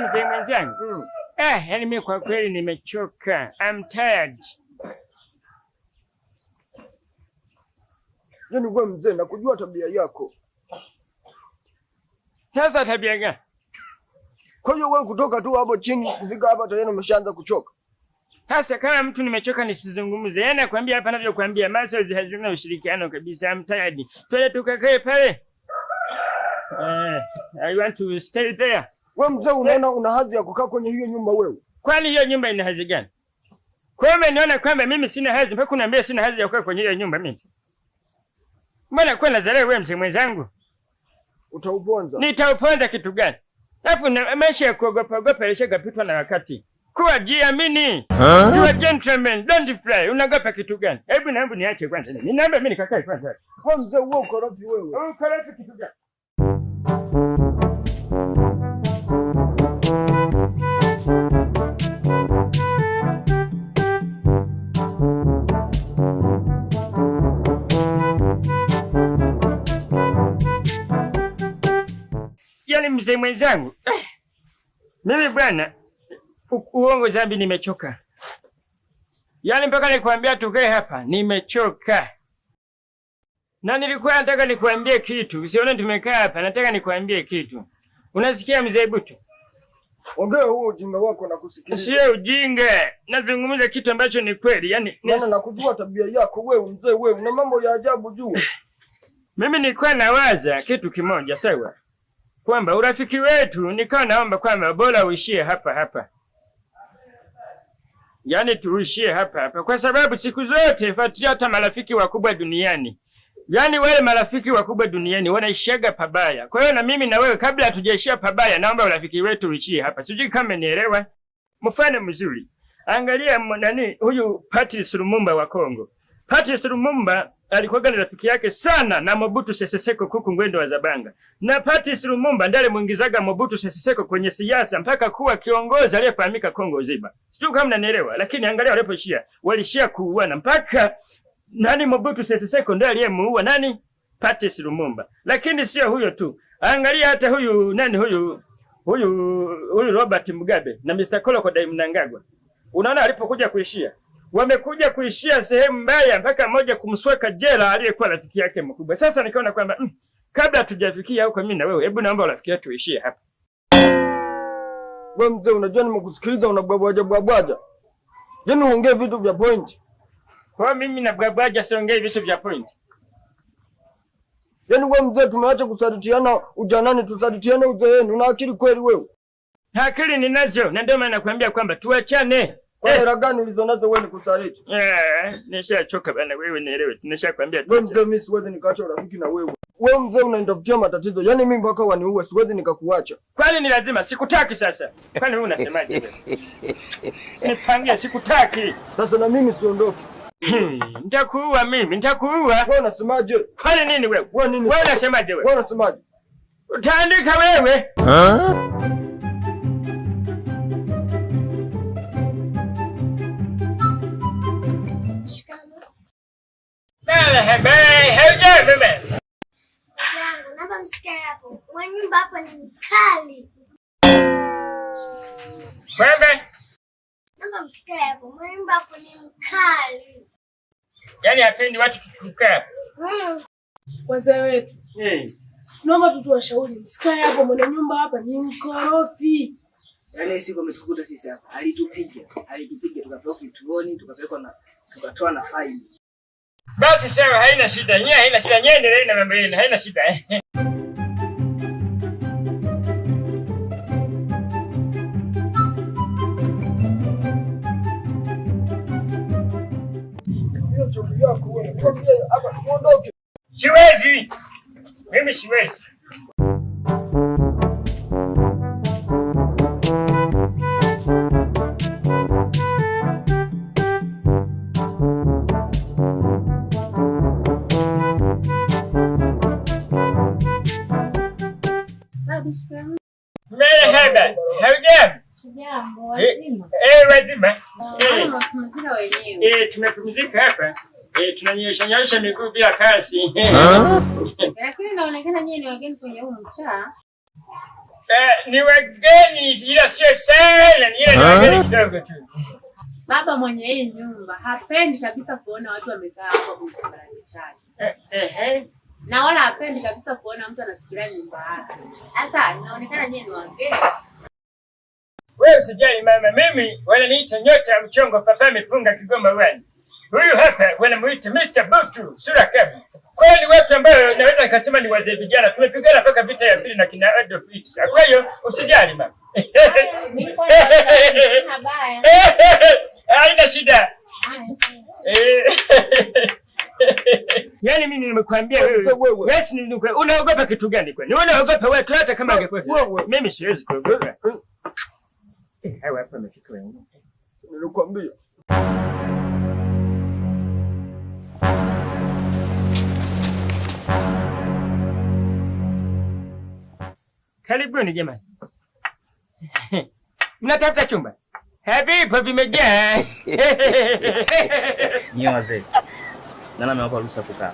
Unaona mzee mwenzangu mm. Eh, yani mimi kwa kweli nimechoka, I'm tired. Yani wewe mzee, nakujua tabia yako. Sasa tabia gani? Kwa hiyo wewe kutoka tu hapo chini kufika hapa tayari umeshaanza kuchoka. Sasa kama mtu nimechoka nisizungumze. Yeye yaani anakuambia hapa anavyokuambia mazoezi hazina ushirikiano kabisa. I'm tired. Twende tukakae pale. Eh, uh, I want to stay there. Wewe mzee, unaona una hadhi ya kukaa kwenye hiyo nyumba wewe? Kwani hiyo nyumba ina hadhi gani? Kwa hiyo umeniona kwamba mimi sina hadhi mpaka kuniambia sina hadhi ya kukaa kwenye hiyo nyumba mimi? Mbona kwa nazarei wewe mzee mwenzangu? Utauponza. Nitauponza kitu gani? Alafu na maisha ya kuogopa ogopa yalishakapitwa na wakati. Kuwa jiamini. You are gentleman, don't fly. Unaogopa kitu gani? Hebu naomba niache kwanza. Mimi naomba mimi nikakae kwanza. Kwa mzee, wewe ukorofi wewe. Ukorofi kitu gani? mzee mwenzangu, mimi bwana, uongo zambi, nimechoka yaani, mpaka nikuambia tukae hapa, nimechoka na nilikuwa nataka nikuambie kitu, usione tumekaa hapa, nataka nikuambie kitu. Unasikia mzee Butu? Ongea huo ujinga wako na kusikiliza. Sio ujinga, nazungumza kitu ambacho ni kweli. Yaani maana nakujua tabia yako wewe mzee wewe, una mambo ya ajabu juu. Mimi nilikuwa nawaza kitu kimoja sawa kwamba urafiki wetu nikawa naomba kwamba bora uishie hapa hapa, yaani tuishie hapa hapa, kwa sababu siku zote fuatia hata marafiki wakubwa duniani, yaani wale marafiki wakubwa duniani wanaishaga pabaya. Kwa hiyo na mimi na wewe, kabla hatujaishia pabaya, naomba urafiki wetu uishie hapa. Sijui kama nielewa. Mfano mzuri, angalia nani huyu Patrice Lumumba wa Kongo Patrice Lumumba alikuwa ni rafiki yake sana na Mobutu Sese Seko kuku ngwendo wa Zabanga. Na Patrice Lumumba ndiye alimuingizaga Mobutu Sese Seko kwenye siasa mpaka kuwa kiongozi aliyefahamika Kongo nzima. Sijui kama mnanielewa, lakini angalia walipoishia. Walishia kuuana mpaka nani Mobutu Sese Seko ndiye aliyemuua nani? Patrice Lumumba. Lakini sio huyo tu. Angalia hata huyu nani huyu huyu huyu Robert Mugabe na Mr. Kolo kwa Daimnangagwa. Unaona alipokuja kuishia wamekuja kuishia sehemu mbaya, mpaka mmoja kumsweka jela aliyekuwa rafiki yake mkubwa. Sasa nikaona kwamba mm, kabla hatujafikia huko, mimi na wewe, hebu naomba urafiki wetu uishie hapa. We mzee, unajua nimekusikiliza, unabwabwaja bwabwaja, yaani uongee vitu vya point. Kwa mimi na bwabwaja siongei vitu vya point. Yaani we mzee, tumeacha kusalitiana ujanani, tusalitiane uzeeni. Una akili kweli wewe? Akili ninazo, na ndio maana nakwambia kwamba tuachane. Kwa hiyo hela eh. gani ulizonazo wewe nikusaliti? Eh, nishachoka bana wewe nielewe. Nishakwambia tu. Wewe mzee mimi siwezi nikaacha rafiki na wewe. Wewe mzee unainitafutia matatizo. Yaani mimi mpaka waniue siwezi nikakuacha. Kwani ni lazima sikutaki sasa. Kwani wewe unasemaje wewe? Nipangie sikutaki. Sasa na mimi siondoki. Hmm, nitakuua mimi, nitakuua. Wewe unasemaje? Kwani nini wewe? Wewe nini? Wewe unasemaje wewe? Wewe unasemaje? Utaandika wewe. Ah? Yaani hapendi watu tukae hapo. Mm. Wazee wetu. Mm. Tunaomba tu tuwashauri msikae hapo, mwenye nyumba hapa ni mkorofi. Yaani siku ametukuta sisi hapa. Alitupiga. Alitupiga tukapelekwa kituoni, tukapelekwa na tukatoa na faini. Basi sawa, haina shida. Nye haina shida, nye endelee na mambo yenu, haina shida. Siwezi mimi, siwezi. Tunapumzika hapa. Eh, tunanyesha nyesha miguu bila kasi. Lakini inaonekana nyinyi ni wageni kwenye huu mtaa. Eh, ni wageni ila sio sana, ni wageni kidogo tu. Baba mwenye hii nyumba hapendi kabisa kuona watu wamekaa hapo bustani chake. Eh, eh. Na wala hapendi kabisa kuona mtu anasikia nyumba yake. Sasa inaonekana nyinyi ni wageni. Wewe usijali mama, mimi wala niita nyota ya mchongo papa amepunga Kigoma wani. Huyu hapa wanamuita Mr. Butu sura kama. Kwa hiyo ni watu ambao naweza nikasema ni wazee vijana. Tumepigana mpaka vita ya pili na kina Adolf Hitler. Kwa hiyo usijali mama. Haina shida. Yaani mimi nimekuambia wewe. Yes, unaogopa kitu gani kwani? Unaogopa wewe hata kama angekuwa. Mimi siwezi kuogopa. Eh, eh. eh hawa hapa mafika wewe. Nilikwambia. Karibuni jamani. Mnatafuta chumba? Havipo, vimejaa. Ni wazee. Nani amewapa ruhusa kukaa?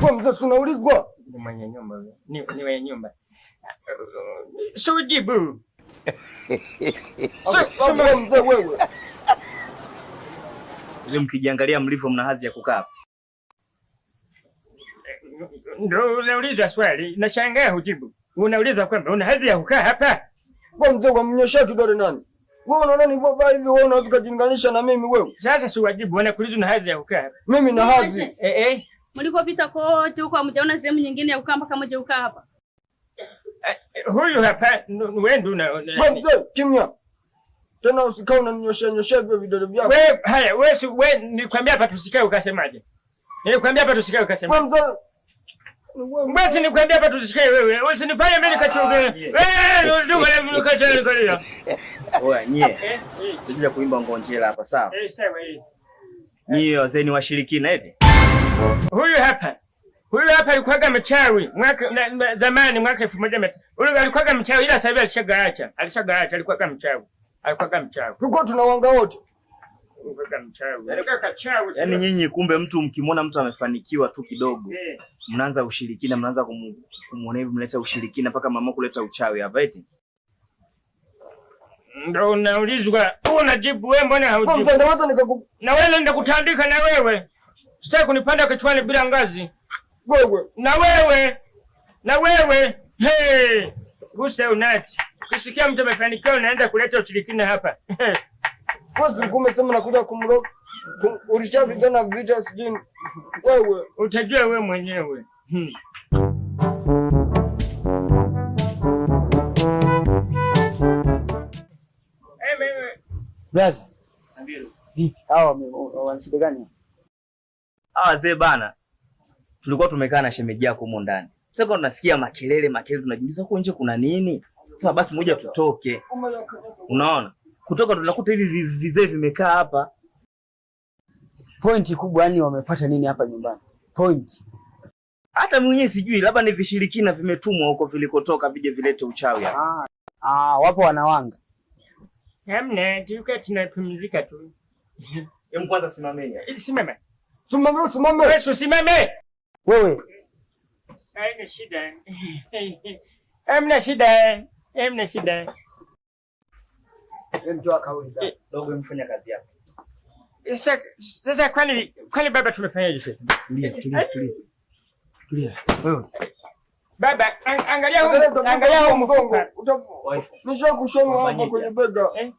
Kwa mzee tunaulizwa. Ni mwenye nyumba wewe. Ni ni mwenye nyumba. Sujibu. Sio mzee wewe. Ile mkijiangalia mlivyo mna hadhi ya kukaa. Ndio unaulizwa swali, nashangaa hujibu unauliza kwamba una hadhi ya kukaa hapa? Wewe mzee unamnyoshia kidole nani? Wewe unaona ni baba hivi, wewe unaweza kujilinganisha na mimi wewe? Sasa si wajibu wanakuuliza una hadhi ya kukaa hapa. Mimi na hadhi. Eh eh. Mlikopita kote huko hamjaona sehemu nyingine ya kukaa mpaka mmoja ukaa hapa. Eh, eh, huyu hapa wewe ndio una. Wewe mzee kimya. Tena usikae unanyoshia nyoshia hivyo vidole vyako. Wewe haya, wewe si wewe nikwambia hapa tusikae ukasemaje? Nikwambia hapa tusikae ukasemaje? Wewe mzee basi nikwambia hapa tusikae wewe. Wewe Usinifanye mimi nikachoka. Wewe ah, eh, ndio ndio nikachoka kalia. Oya nyie. Eh, eh. Tujia kuimba ngonjera hapa sawa? Eh, sawa hii. Nyie wazee ni washirikina hivi? Huyu hapa. Huyu hapa alikuwa kama mchawi mwaka zamani mwaka 1900. Ule alikuwa kama mchawi ila sasa alishagaacha. Alishagaacha alikuwa alikuwaga mchawi. kama mchawi. Tuko tunawanga wote. Alikuwa Alikuwaga mchawi. Alikuwaga kachawi. Yaani nyinyi kumbe mtu mkimwona mtu amefanikiwa tu kidogo. Eh mnaanza ushirikina, mnaanza kumuona hivi, mleta ushirikina mpaka mama kuleta uchawi hapa eti Ndo unaulizwa unajibu wewe, mbona haujibu? Na wewe nenda kutandika, na wewe sitaki kunipanda kichwani bila ngazi wewe. Na wewe na wewe hey, gusa unati kisikia mtu amefanikiwa unaenda kuleta ushirikina hapa nakuja kumroga ulishapigana vita, sijui wewe utajua we mwenyewe hmm. Braza, vipi hawa gani? Hawa wazee bana, tulikuwa tumekaa na shemeji yako humo ndani. Sasa kwa tunasikia makelele makelele, tunajiuliza huko nje kuna nini? Sasa basi moja tutoke, unaona kutoka tunakuta hivi vizee vimekaa hapa pointi kubwa, yani wamefuata nini hapa nyumbani? Pointi hata mwenyewe sijui, labda ni vishirikina vimetumwa huko vilikotoka vije vilete uchawi hapa. Ah, ah wapo wanawanga. Hamna, tuka tunapumzika tu. Hem, kwanza simameni. Ili eh, simame. Simame, simame. Wewe simame. Wewe. Haina shida. Hamna shida. Hamna shida. Hem, toa kawaida. Eh. Dogo mfanya kazi yako. Sasa kwani kwani baba tumefanyaje sasa? Tulia, tulia, eh? tulia. Tulia. Wewe. Baba, angalia huko, angalia huko mgongo. Nisha kushoma hapo kwenye bega. Eh?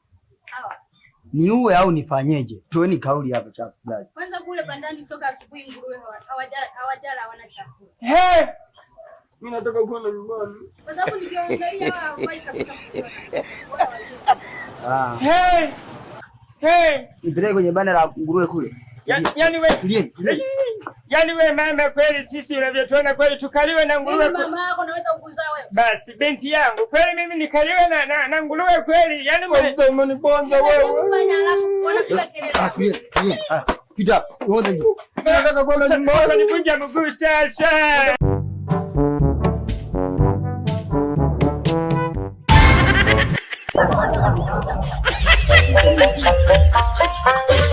Niue au nifanyeje? Toeni kauli hapa chakula. Kwanza kule bandani toka asubuhi nguruwe hawajala hawajala wana chakula. He! Mimi nataka kwenda nyumbani. Kwa sababu nikiongelea wao kabisa. Ah. Hey! Hey. Nipeleke kwenye banda la nguruwe kule. yani wewe. Yaani wewe mama kweli sisi unavyotuona kweli tukaliwe na nguruwe. Mama yako anaweza kukuzaa wewe. Basi binti yangu kweli mimi nikaliwe na na, na nguruwe kweli. Yaani mimi umenibonza wewe. Ah, ah, ah, pita, wote nje. Nataka kwenda nyumbani nivunje mguu sasa. Thank you.